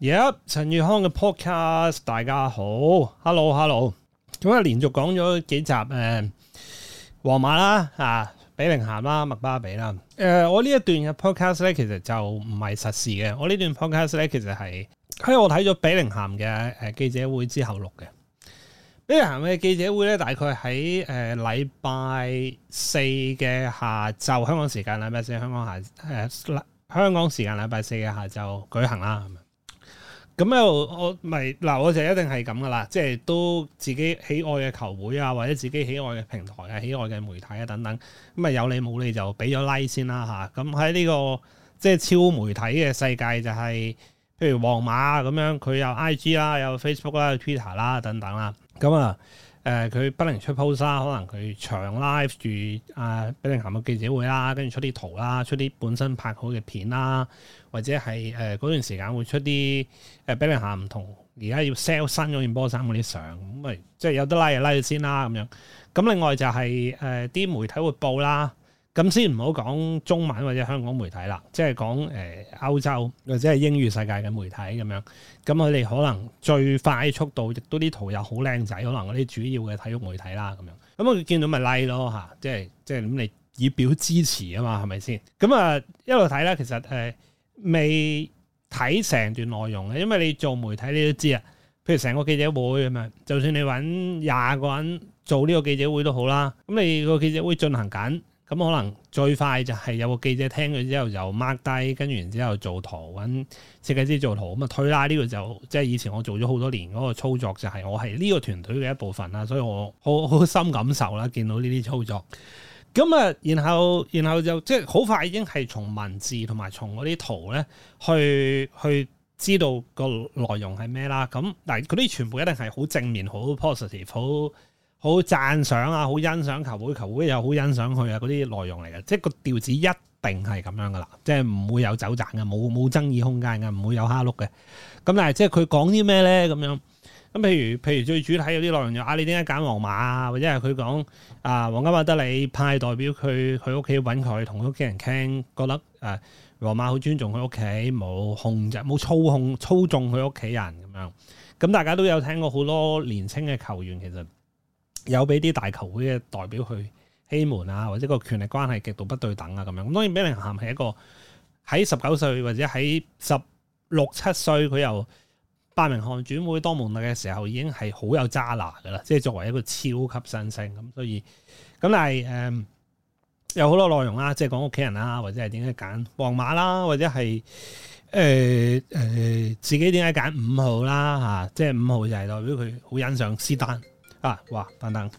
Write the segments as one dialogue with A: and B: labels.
A: 而家陳玉康嘅 podcast，大家好，hello hello，咁啊，連續講咗幾集誒，皇、呃、馬啦啊，比寧咸啦，麥巴比啦，誒、呃，我呢一段嘅 podcast 咧，其實就唔係實時嘅，我這段呢段 podcast 咧，其實係喺我睇咗比寧咸嘅誒記者會之後錄嘅。比寧咸嘅記者會咧，大概喺誒禮拜四嘅下晝香港時間，禮拜四香港下誒、呃、香港時間禮拜四嘅下晝舉行啦。咁又我咪嗱，我就一定係咁噶啦，即係都自己喜愛嘅球會啊，或者自己喜愛嘅平台啊、喜愛嘅媒體啊等等，咁啊有你冇你就俾咗 like 先啦吓，咁喺呢個即係超媒體嘅世界、就係，就係譬如皇馬咁、啊、樣，佢有 IG 啦、啊、有 Facebook 啦、啊、Twitter 啦、啊、等等啦，咁啊。誒佢、呃、不能出 pose 啦，可能佢長 live 住啊、呃、比利亞嘅記者會啦，跟住出啲圖啦，出啲本身拍好嘅片啦，或者係誒嗰段時間會出啲誒、呃、比利亞唔同而家要 sell 新嗰件波衫嗰啲相，咁、呃、咪即係有得拉、like、就拉、like、咗先啦咁樣。咁另外就係誒啲媒體會報啦。咁先唔好講中文或者香港媒體啦，即係講誒歐洲或者係英語世界嘅媒體咁樣。咁佢哋可能最快速度，亦都啲圖又好靚仔，可能嗰啲主要嘅體育媒體啦咁樣。咁我見到咪 like 囉咯嚇，即係即係咁你以表支持啊嘛，係咪先？咁啊一路睇啦，其實誒未睇成段內容嘅，因為你做媒體你都知啊。譬如成個記者會咁樣，就算你揾廿個人做呢個記者會都好啦，咁你個記者會進行緊。咁可能最快就係有個記者聽咗之後就 mark 低，跟住然之後做圖，搵設計師做圖咁啊推拉呢個就即係、就是、以前我做咗好多年嗰個操作，就係我係呢個團隊嘅一部分啦，所以我好好深感受啦，見到呢啲操作。咁啊，然後然後就即係好快已經係從文字同埋從嗰啲圖咧，去去知道個內容係咩啦。咁嗱，嗰啲全部一定係好正面，好 positive，好。好讚賞啊，好欣賞球會，球會又好欣賞佢啊，嗰啲內容嚟嘅，即係個調子一定係咁樣噶啦，即係唔會有走盞嘅，冇冇爭議空間嘅，唔會有蝦碌嘅。咁但係即係佢講啲咩咧咁樣？咁譬如譬如最主要睇嗰啲內容、就是，就啊你點解揀皇馬啊？或者係佢講啊，皇家馬德里派代表去佢屋企揾佢，同佢屋企人傾，覺得誒皇、啊、馬好尊重佢屋企，冇控制，冇操控、操縱佢屋企人咁樣。咁大家都有聽過好多年輕嘅球員其實。有俾啲大球會嘅代表去欺門啊，或者個權力關係極度不對等啊，咁樣咁。當然，比寧咸係一個喺十九歲或者喺十六七歲，佢由伯明翰轉會多蒙特嘅時候，已經係好有渣拿噶啦，即係作為一個超級新星咁。所以咁，但係、嗯、有好多內容啦，即係講屋企人啦，或者係點解揀皇馬啦，或者係誒、呃呃、自己點解揀五號啦、啊、即係五號就係代表佢好欣賞施丹。啊！哇！等等，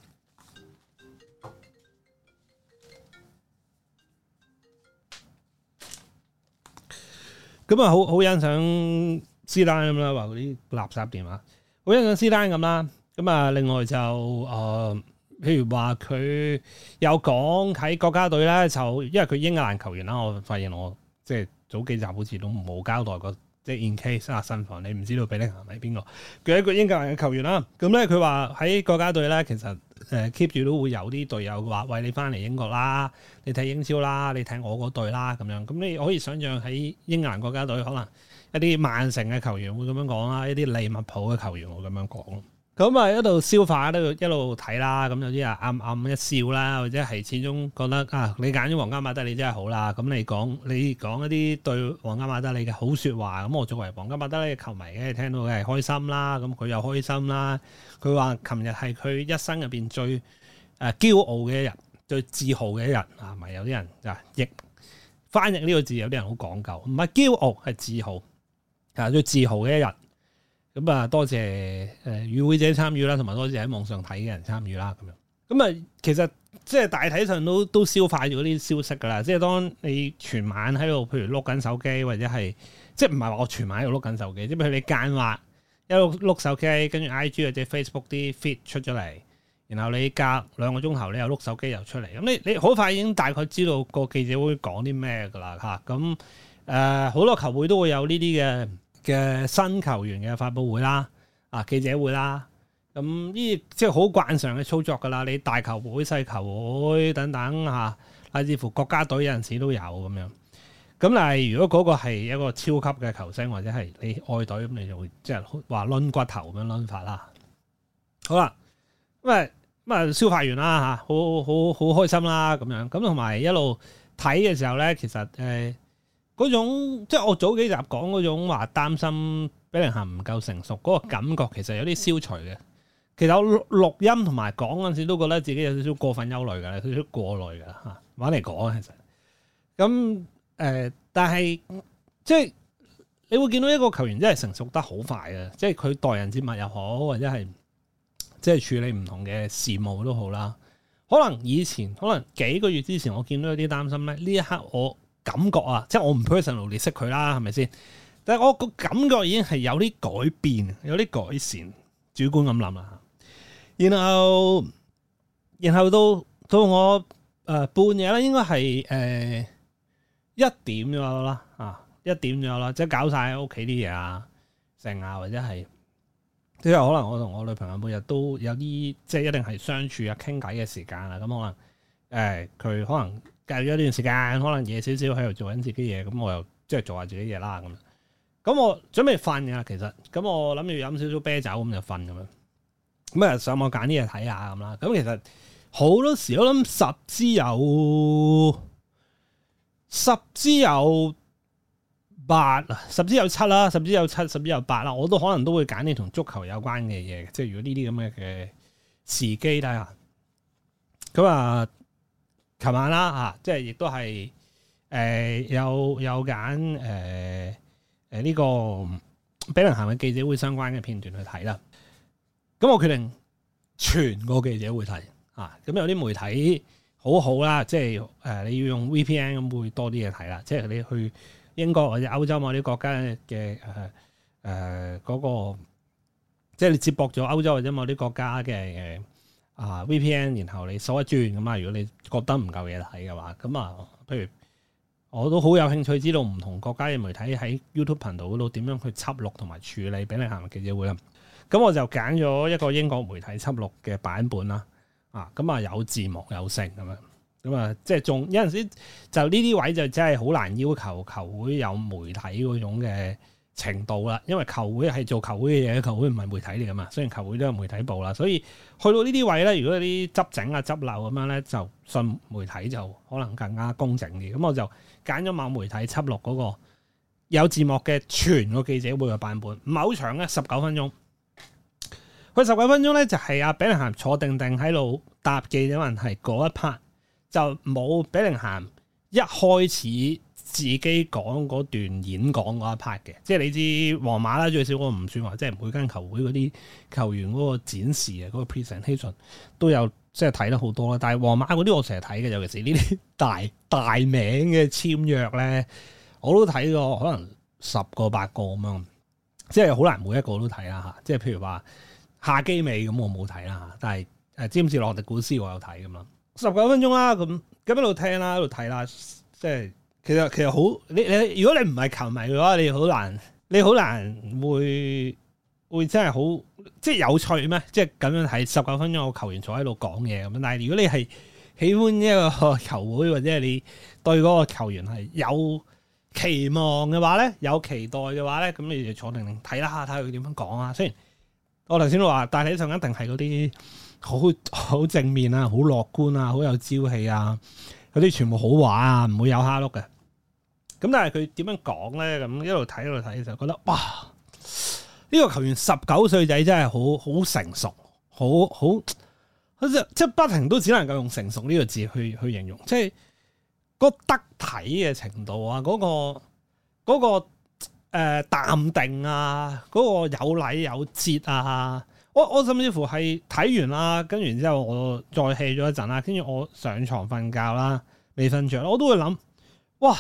A: 咁啊，好好欣賞斯丹咁啦，話嗰啲垃圾電話，好欣賞斯丹咁啦。咁啊，另外就誒、呃，譬如話佢有講喺國家隊咧，就因為佢英格蘭球員啦，我發現我即係、就是、早幾集好似都冇交代過。即係 in case 身、啊、新房，你唔知道比利亞係邊個？佢係一個英格蘭嘅球員啦。咁咧佢話喺國家隊咧，其實 keep 住、呃、都會有啲隊友話喂，你翻嚟英國啦，你睇英超啦，你睇我嗰隊啦咁樣。咁你可以想像喺英格蘭國家隊，可能一啲曼城嘅球員會咁樣講啊，一啲利物浦嘅球員會咁樣講。咁啊，一路消化，一路一路睇啦。咁有啲人暗暗一笑啦，或者係始終覺得啊，你揀咗皇家馬德里真係好啦。咁你講你講一啲對皇家馬德里嘅好說話，咁我作為皇家馬德里球迷嘅聽到係開心啦。咁佢又開心啦。佢話琴日係佢一生入邊最誒驕傲嘅一日，最自豪嘅一日啊。咪有啲人啊，譯翻譯呢個字有啲人好講究，唔係驕傲係自豪，啊，最自豪嘅一日。咁啊，多謝誒與會者參與啦，同埋多謝喺網上睇嘅人參與啦，咁樣。咁啊，其實即係大體上都都消化咗啲消息噶啦。即係當你全晚喺度，譬如碌緊手機，或者係即係唔係話我全晚喺度碌緊手機，即係譬如你間或一路碌手機，跟住 I G 或者 Facebook 啲 fit 出咗嚟，然後你隔兩個鐘頭，你又碌手機又出嚟。咁你你好快已經大概知道個記者會講啲咩噶啦嚇。咁誒，好多球會都會有呢啲嘅。嘅新球員嘅發佈會啦，啊記者會啦，咁呢即係好慣常嘅操作噶啦，你大球會、細球會等等吓，啊甚至乎國家隊有陣時都有咁樣。咁但係如果嗰個係一個超級嘅球星或者係你愛隊，咁你就會即係話掄骨頭咁樣掄法啦。好啦，咁啊咁啊，消化完啦吓，好好好開心啦咁樣。咁同埋一路睇嘅時候咧，其實誒。呃嗰種即係我早幾集講嗰種話擔心比利亞唔夠成熟嗰個感覺，其實有啲消除嘅。其實我錄錄音同埋講嗰陣時，都覺得自己有少少過分憂慮嘅，少少過慮㗎。嚇。嚟講其實咁、呃、但係即係你會見到一個球員真係成熟得好快嘅，即係佢待人接物又好，或者係即係處理唔同嘅事務都好啦。可能以前可能幾個月之前，我見到有啲擔心咧，呢一刻我感覺啊，即係我唔 personally 識佢啦，係咪先？但係我個感覺已經係有啲改變，有啲改善，主觀咁諗啦。然後然後到到我誒、呃、半夜啦，應該係誒一點咗啦啊，一點咗啦，即係搞晒屋企啲嘢啊，成啊，或者係，即係可能我同我女朋友每日都有啲，即係一定係相處啊、傾偈嘅時間啊，咁可能誒佢可能。呃隔咗一段時間，可能夜少少喺度做緊自己嘢，咁我又即係、就是、做下自己嘢啦。咁，咁我準備瞓嘅喇。其實，咁我諗住飲少少啤酒咁就瞓咁樣。咁啊，上網揀啲嘢睇下咁啦。咁其實好多時我諗十支有，十支有八，十支有七啦，十支有七，十支有，有八啦。我都可能都會揀啲同足球有關嘅嘢，即係如果呢啲咁嘅嘅時機底下。咁啊。琴晚啦，吓、啊，即係亦都係，誒、呃，有有揀，誒、呃，誒、呃、呢、這個比倫行嘅記者會相關嘅片段去睇啦。咁我決定全個記者會睇，啊，咁有啲媒體好好啦，即係，誒、呃，你要用 VPN 咁會多啲嘢睇啦，即係你去英國或者歐洲某啲國家嘅，誒、呃，誒、呃，嗰、那個，即係你接駁咗歐洲或者某啲國家嘅，誒、呃。啊 VPN，然後你搜一轉咁啊！如果你覺得唔夠嘢睇嘅話，咁啊，譬如我都好有興趣知道唔同國家嘅媒體喺 YouTube 頻道度點樣去輯錄同埋處理俾你行記者會啦。咁我就揀咗一個英國媒體輯錄嘅版本啦。啊，咁啊有字幕有聲咁樣，咁啊即係仲有陣時就呢啲位就真係好難要求球會有媒體嗰種嘅。程度啦，因為球會係做球會嘅嘢，球會唔係媒體嚟噶嘛。雖然球會都有媒體部啦，所以去到呢啲位咧，如果有啲執整啊執漏咁樣咧，就信媒體就可能更加公正啲。咁我就揀咗某媒體輯錄嗰個有字幕嘅全個記者會嘅版本，某場咧十九分鐘。佢十九分鐘咧就係阿 Bellingham 坐定定喺度答記者問題嗰一 part，就冇 Bellingham 一開始。自己講嗰段演講嗰一 part 嘅，即係你知皇馬啦，最少我唔算話，即係每間球會嗰啲球員嗰個展示啊，嗰個 presentation 都有，即係睇得好多啦。但係皇馬嗰啲我成日睇嘅，尤其是呢啲大大名嘅簽約咧，我都睇咗可能十個八個咁樣，即係好難每一個都睇啦吓，即係譬如話夏基美咁，我冇睇啦嚇，但係誒詹姆斯羅迪古斯我有睇咁啦。十九分鐘啦，咁咁一路聽啦，一路睇啦，即係。其實其實好你你如果你唔係球迷嘅話你好難你好難會會真係好即係有趣咩？即係咁樣係十九分鐘，個球員坐喺度講嘢咁樣。但係如果你係喜歡一個球會或者係你對嗰個球員係有期望嘅話咧，有期待嘅話咧，咁你就坐定定睇啦，睇下佢點樣講啊。雖然我頭先都話，但係啲上一定係嗰啲好好正面啊，好樂觀啊，好有朝氣啊，嗰啲全部好話啊，唔會有蝦碌嘅。咁但係佢點樣講咧？咁一路睇一路睇就覺得哇！呢、這個球員十九歲仔真係好好成熟，好好好似即係不停都只能夠用成熟呢個字去去形容，即係嗰、那個、得體嘅程度啊！嗰、那個嗰、那個誒、呃、淡定啊，嗰、那個有禮有節啊！我我甚至乎係睇完啦，跟住之後我再戲咗一陣啦，跟住我上床瞓覺啦，未瞓着啦，我都會諗哇！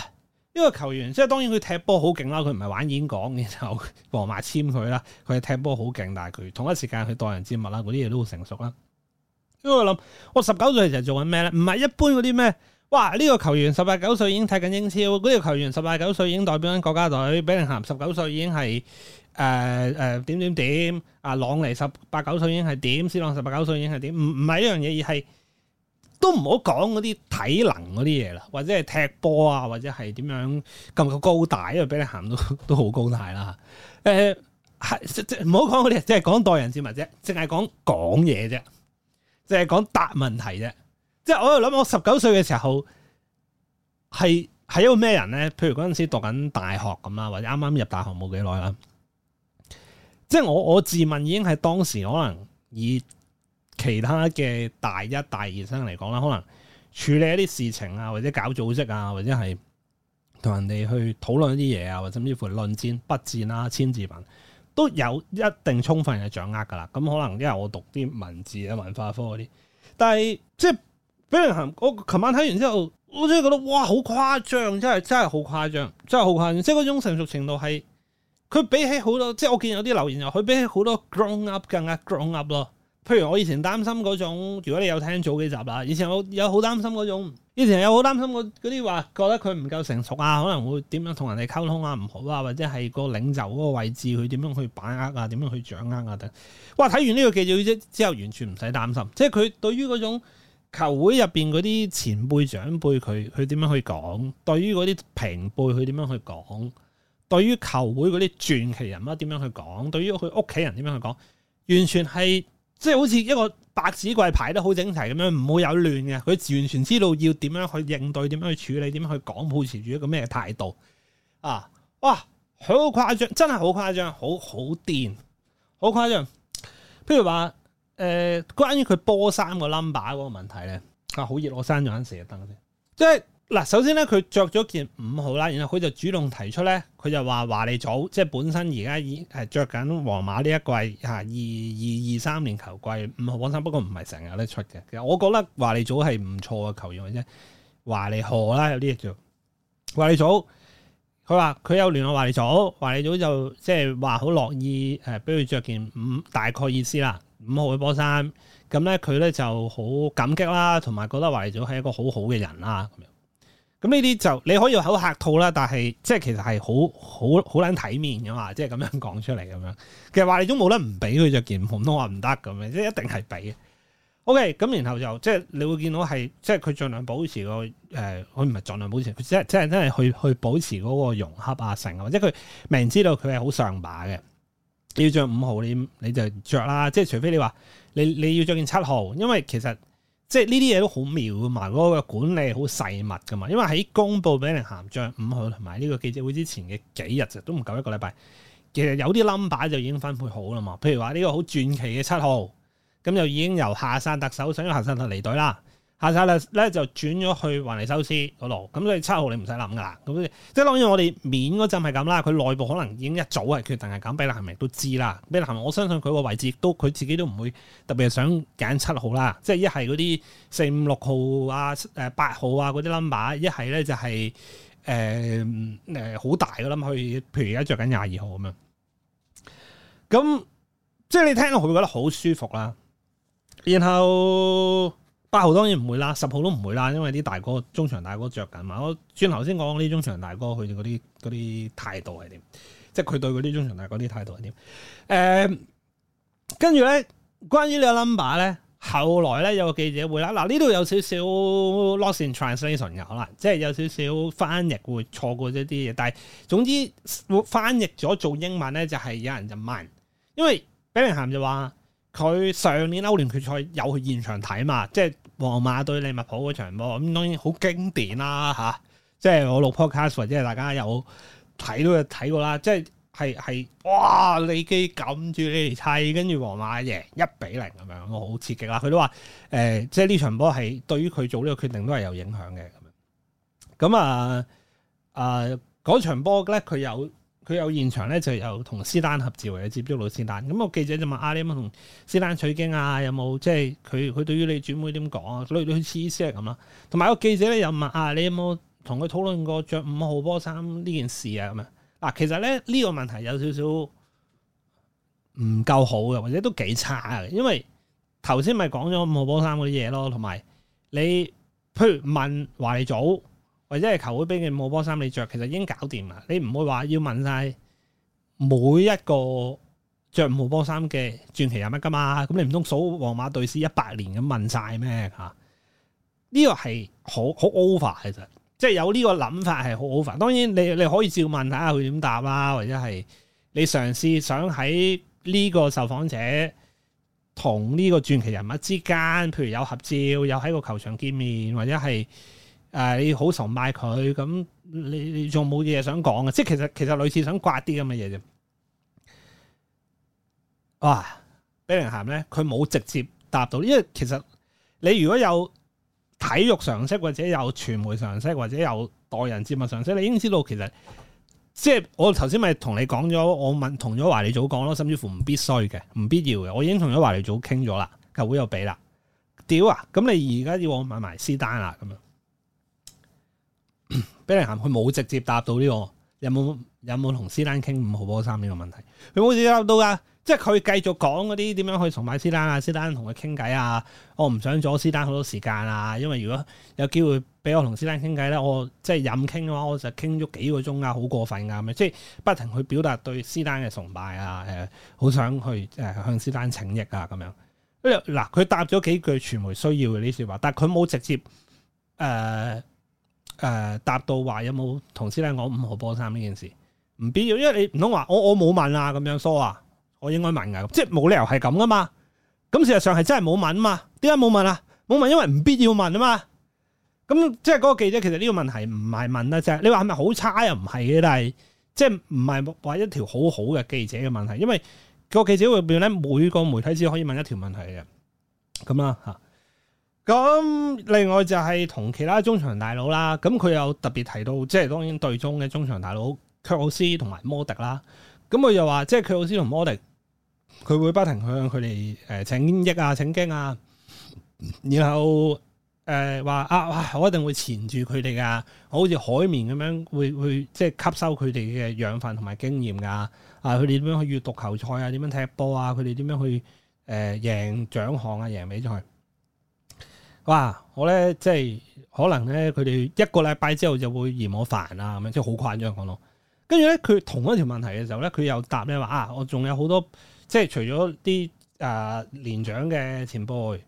A: 呢個球員即係當然佢踢波好勁啦，佢唔係玩演講，然後皇馬簽佢啦，佢踢波好勁，但係佢同一時間去待人接物啦，嗰啲嘢都好成熟啦。因為我諗，我十九歲其實做緊咩咧？唔係一般嗰啲咩？哇！呢個球員十八九歲已經踢緊英超，呢個球員十八九歲已經代表緊國家隊，比林涵十九歲已經係誒誒點點點，阿朗尼十八九歲已經係點，斯朗十八九歲已經係點，唔唔係呢樣嘢而係。都唔好講嗰啲體能嗰啲嘢啦，或者係踢波啊，或者係點樣咁高大，因為俾你行到都好高大啦。誒、呃，係唔好講嗰啲，即係講待人接物啫，淨係講講嘢啫，淨係講答問題啫。即係我又諗我十九歲嘅時候係係一個咩人咧？譬如嗰陣時讀緊大學咁啦，或者啱啱入大學冇幾耐啦。即係我我自問已經係當時可能以……其他嘅大一大二生嚟講啦，可能處理一啲事情啊，或者搞組織啊，或者係同人哋去討論一啲嘢啊，或者甚至乎論戰、筆戰啦、千字文都有一定充分嘅掌握噶啦。咁可能因為我讀啲文字啊、文化科嗰啲，但係即係俾梁行。我琴晚睇完之後，我真係覺得哇，好誇張！真係真係好誇張，真係好誇張！即係嗰種成熟程度係佢比起好多，即係我見有啲留言話佢比起好多 grown up 更加 grown up 咯。譬如我以前擔心嗰種，如果你有聽早幾集啦，以前我有好擔心嗰種，以前有好擔心嗰啲話，覺得佢唔夠成熟啊，可能會點樣同人哋溝通啊，唔好啊，或者係個領袖嗰個位置佢點樣去把握啊，點樣去掌握啊等等。哇，睇完呢個記要之後，完全唔使擔心，即係佢對於嗰種球會入邊嗰啲前輩長輩，佢佢點樣去講？對於嗰啲平輩，佢點樣去講？對於球會嗰啲傳奇人物，點樣去講？對於佢屋企人，點樣去講？完全係。即係好似一個百子櫃排得好整齊咁樣，唔會有亂嘅。佢完全知道要點樣去應對，點樣去處理，點樣去講，保持住一個咩態度啊！哇，好誇張，真係好誇張，好好癲，好誇張。譬如話誒、呃，關於佢波三個 number 嗰個問題咧，啊好熱，我閂咗眼射燈即嗱，首先咧，佢着咗件五號啦，然後佢就主動提出咧，佢就話華利祖，即係本身而家已係着緊皇馬呢一季嚇二二二三年球季五號波衫，不過唔係成日都出嘅。其實我覺得華利祖係唔錯嘅球員嘅啫，華利河啦，有啲嘢做。華利祖，佢話佢有聯絡華利祖，華利祖就即係話好樂意誒，俾佢着件五，大概意思啦，五號嘅波衫。咁咧佢咧就好感激啦，同埋覺得華利祖係一個好好嘅人啦，咁呢啲就你可以好客套啦，但係即係其實係好好好難睇面噶嘛，即係咁樣講出嚟咁樣。其實話你都冇得唔俾佢着件都話唔得咁樣，即係一定係俾。OK，咁、嗯、然後就即係你會見到係即係佢盡量保持個誒，佢唔係盡量保持，即係即係真係去去保持嗰個融合啊成，或者佢明知道佢係好上把嘅，要着五號你你就着啦，即係除非你話你你要着件七號，因為其實。即係呢啲嘢都好妙噶嘛，嗰、嗰個管理好細密噶嘛，因為喺公布俾人咸賬五號同埋呢個記者會之前嘅幾日就都唔夠一個禮拜，其實有啲 number 就已經分配好啦嘛，譬如話呢個好傳奇嘅七號，咁就已經由夏山特首想夏山特離隊啦。下曬啦，咧就轉咗去雲尼修斯嗰度。咁所以七號你唔使諗噶啦。咁即係當然我哋面嗰陣係咁啦，佢內部可能已經一早係決定係減俾蘭，係咪都知啦？俾蘭，我相信佢個位置都佢自己都唔會特別想揀七號啦。即係一係嗰啲四五六號啊，誒、呃、八號啊嗰啲 number，一係咧就係誒好大嗰啦去。譬如而家著緊廿二號咁樣。咁即係你聽到佢會覺得好舒服啦。然後。八號當然唔會啦，十號都唔會啦，因為啲大哥中場大哥着緊嘛。我轉頭先講呢中場大哥佢哋嗰啲啲態度係點，即係佢對嗰啲中場大哥啲態度係點。誒、嗯，跟住咧，關於這個呢個 number 咧，後來咧有個記者會啦。嗱、啊，呢度有少少 loss in translation 嘅可能，即係有少少翻譯會錯過一啲嘢。但係總之翻譯咗做英文咧，就係、是、有人就問，因為比利鹹就話佢上年歐聯決賽有去現場睇嘛，即係。皇馬對利物浦嗰場波，咁當然好經典啦、啊、吓、啊，即係我錄 podcast 或者係大家有睇到睇過啦，即係係係哇，利記撳住你哋砌，跟住皇馬贏一比零咁樣，我好刺激啦！佢都話誒、呃，即係呢場波係對於佢做呢個決定都係有影響嘅咁樣、啊。咁啊啊嗰場波咧，佢有。佢有現場咧，就有同斯丹合照或者接觸到斯丹。咁個記者就問：啊，你有冇同斯丹取經啊？有冇即係佢佢對於你轉會點講啊？類類似啲嘢咁咯。同埋個記者咧又問：啊，你有冇同佢討論過着五號波衫呢件事啊？咁嗱，其實咧呢個問題有少少唔夠好嘅，或者都幾差嘅。因為頭先咪講咗五號波衫嗰啲嘢咯，同埋你譬如問華麗祖。或者球會俾嘅毛波衫你着，其實已經搞掂啦。你唔會話要問晒每一個着毛波衫嘅傳奇人物噶嘛？咁你唔通數皇馬對史一百年咁問晒咩吓？呢、這個係好好 over 其實，即、就、係、是、有呢個諗法係好 over。當然你你可以照問下佢點答啦，或者係你嘗試想喺呢個受訪者同呢個傳奇人物之間，譬如有合照，有喺個球場見面，或者係。誒，你好崇拜佢，咁你你仲冇嘢想講嘅？即其實其實類似想刮啲咁嘅嘢啫。哇！俾人鹹咧，佢冇直接答到，因為其實你如果有體育常識，或者有傳媒常識，或者有代人節目常識，你已經知道其實即係我頭先咪同你講咗，我問同咗華利祖講咯，甚至乎唔必須嘅，唔必要嘅。我已經同咗華利祖傾咗啦，球會又俾啦，屌啊！咁你而家要我買埋私單啦咁樣。俾人行，佢冇直接答到呢個，有冇有冇同施丹傾五號波衫呢個問題？佢冇直接答到㗎，即係佢繼續講嗰啲點樣去崇拜施丹啊，施丹同佢傾偈啊，我唔想阻施丹好多時間啊，因為如果有機會俾我同施丹傾偈咧，我即係任傾嘅話，我就傾咗幾個鐘啊，好過分啊咁樣，即係不停去表達對施丹嘅崇拜啊，好、呃、想去、呃、向施丹請益啊咁樣。嗱，佢答咗幾句傳媒需要嘅呢說話，但係佢冇直接、呃誒、呃，答到話有冇？同時咧，我五號波三呢件事唔必要，因為你唔通話我我冇問啊？咁樣疏啊？我應該問啊，即係冇理由係咁噶嘛？咁事實上係真係冇問啊嘛？點解冇問啊？冇問因為唔必要問啊嘛？咁即係嗰個記者其實呢個問題唔係問啦，即係你話係咪好差又唔係嘅？但係即係唔係話一條好好嘅記者嘅問題？因為個記者會入邊咧，每個媒體只可以問一條問題嘅，咁啦吓。咁另外就係同其他中場大佬啦，咁佢又特別提到，即係當然對中嘅中場大佬，克羅斯同埋摩迪啦。咁佢又話，即係克羅斯同摩迪，佢會不停向佢哋誒請益啊，請經啊。然後誒話、呃、啊、啊，我一定會纏住佢哋噶，我好似海綿咁樣會會即係吸收佢哋嘅養分同埋經驗噶。啊，佢哋點樣去閱讀球賽啊？點樣踢波啊？佢哋點樣去誒贏獎項啊？贏比賽？哇！我咧即係可能咧，佢哋一個禮拜之後就會嫌我煩啊，咁樣即係好誇張講咯。跟住咧，佢同一條問題嘅時候咧，佢又答你話啊，我仲有好多即係除咗啲、呃、年長嘅前輩，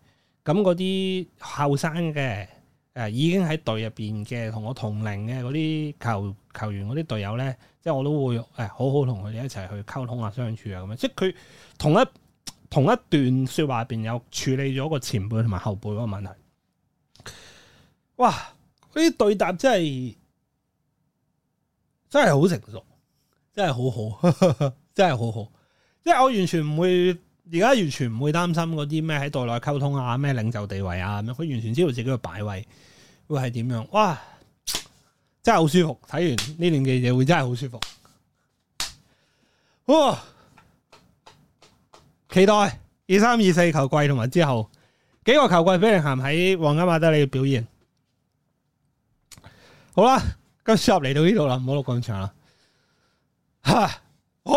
A: 咁嗰啲後生嘅呃已經喺隊入面嘅同我同齡嘅嗰啲球球員嗰啲隊友咧，即係我都會呃好好同佢哋一齊去溝通啊、相處啊咁樣。即係佢同一同一段說話入邊有處理咗個前輩同埋後輩嗰個問題。哇！嗰啲對答真係真係好成熟，真係好好，哈哈真係好好。即係我完全唔會而家完全唔會擔心嗰啲咩喺隊內溝通啊，咩領袖地位啊，咁佢完全知道自己嘅擺位會係點樣。哇！真係好舒服，睇完呢段記者會真係好舒服。哇！期待二三二四球季同埋之後幾個球季，比凌咸喺皇家馬德里嘅表現。好啦，今朝入嚟到呢度啦，唔好錄咁長啦。吓、啊，好，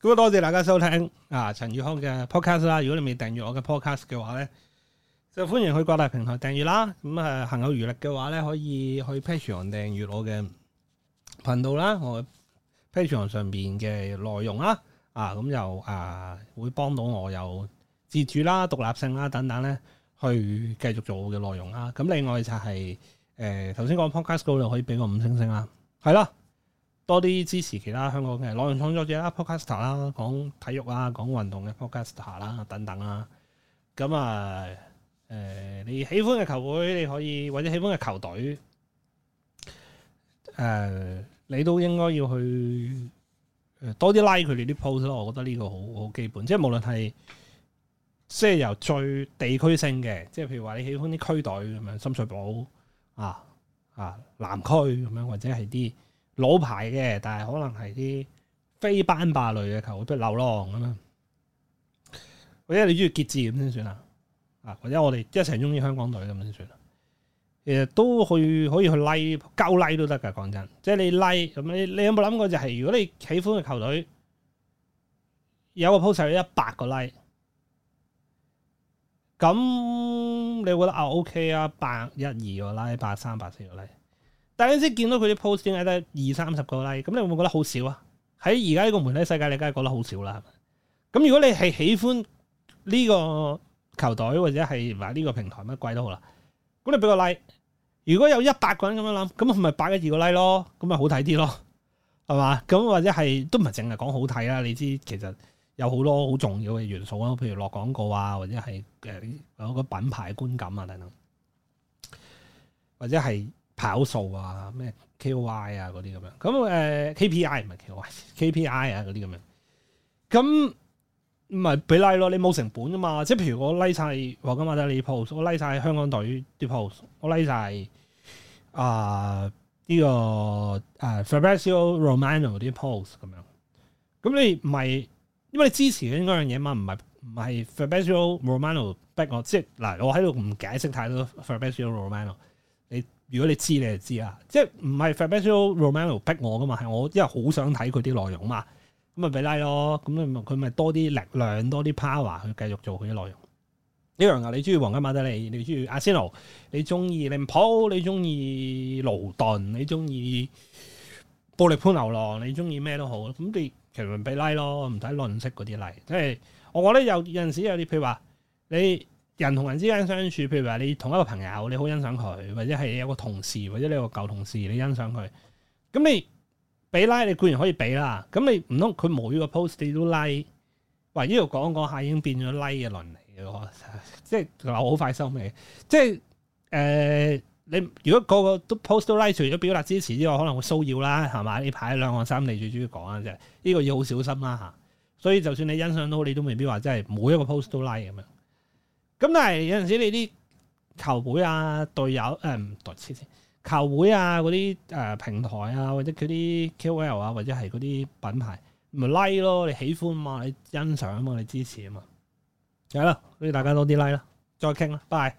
A: 咁多謝大家收聽啊，陳宇康嘅 podcast 啦。如果你未訂閱我嘅 podcast 嘅話咧，就歡迎去各大平台訂閱啦。咁啊，行有餘力嘅話咧，可以去 Patreon 訂閱我嘅頻道啦，我 Patreon 上邊嘅內容啦。啊，咁又啊，會幫到我有自主啦、獨立性啦等等咧，去繼續做我嘅內容啦。咁、啊、另外就係、是。誒頭先講、呃、podcast 嗰度就可以俾個五星星啦，係啦，多啲支持其他香港嘅內容創作者啦，podcaster 啦，Pod Go，講體育啊，講運動嘅 podcaster 啦等等啦、啊，咁啊誒，你喜歡嘅球會，你可以或者喜歡嘅球隊，誒、呃，你都應該要去、呃、多啲 like 佢哋啲 post 咯，我覺得呢個好好基本，即係無論係即係由最地區性嘅，即係譬如話你喜歡啲區隊咁樣深水埗。啊啊，南區咁樣或者係啲老牌嘅，但係可能係啲非班霸類嘅球隊流浪咁樣或者你中意傑志咁先算啦啊，或者我哋一齊中意香港隊咁先算。其實都去可，可以去拉鳩拉都得噶，講真。即係你拉咁，你你有冇諗過就係如果你喜歡嘅球隊有個 post 有一百個拉。咁、嗯、你會覺得啊 OK 啊，百一二個 like，百三百四個 like，但係你先見到佢啲 posting 咧，得二三十個 like，咁你會唔會覺得好少啊？喺而家呢個媒體世界，你梗係覺得好少啦。係咪？咁如果你係喜歡呢個球隊或者係話呢個平台，乜鬼都好啦，咁你俾個 like。如果有一百個人咁樣諗，咁咪百一二個 like 咯，咁咪好睇啲咯，係嘛？咁或者係都唔係淨係講好睇啦，你知其實。有好多好重要嘅元素啊，譬如落廣告啊，或者係誒有個品牌觀感啊等等，或者係跑數啊，咩 K o i 啊嗰啲咁樣，咁、嗯、誒 K P I 唔係 K o i，K P I 啊嗰啲咁樣，咁唔係俾拉咯，你冇成本啊嘛，即係譬如我拉晒我今日啲 p o s e 我拉晒香港隊啲 p o s e 我拉晒啊呢個誒、呃、Fabrizio Romano 啲 p o s e 咁樣，咁你唔係？因為你支持嗰樣嘢嘛，唔係唔係 Fabrizio Romano 逼我，即係嗱，我喺度唔解釋太多 Fabrizio Romano。你如果你知你就知啦，即係唔係 Fabrizio Romano 逼我噶嘛，係我因為好想睇佢啲內容嘛，咁咪俾 like 咯，咁佢咪多啲力量，多啲 power 去繼續做佢啲內容。呢樣嘢你中意黃金馬德里，你中意阿仙奴，你中意利物浦，你中意勞頓，你中意暴力潘流浪，你中意咩都好，咁你。其實俾 like 咯，唔使論息嗰啲 like，即係我覺得有有陣時有啲，譬如話你人同人之間相處，譬如話你同一個朋友，你好欣賞佢，或者係有個同事，或者你個舊同事，你欣賞佢，咁你俾 like 你固然可以俾啦，咁你唔通佢每個 post 你都 like，話呢度講講下已經變咗 like 嘅論嚟咯，即係我好快收尾，即係誒。呃你如果個個都 post 都 like，除咗表達支持之外，可能會騷擾啦，係嘛？呢排兩岸三地最主，主要講嘅啫，呢、這個要好小心啦、啊、嚇。所以就算你欣賞到，你都未必話真係每一個 post 都 like 咁樣。咁但係有陣時你啲球會啊隊友誒唔代球會啊嗰啲誒平台啊或者佢啲 KOL 啊或者係嗰啲品牌咪 like 咯，你喜歡嘛，你欣賞嘛，你支持嘛係啦，所以大家多啲 like 啦，再傾啦，拜。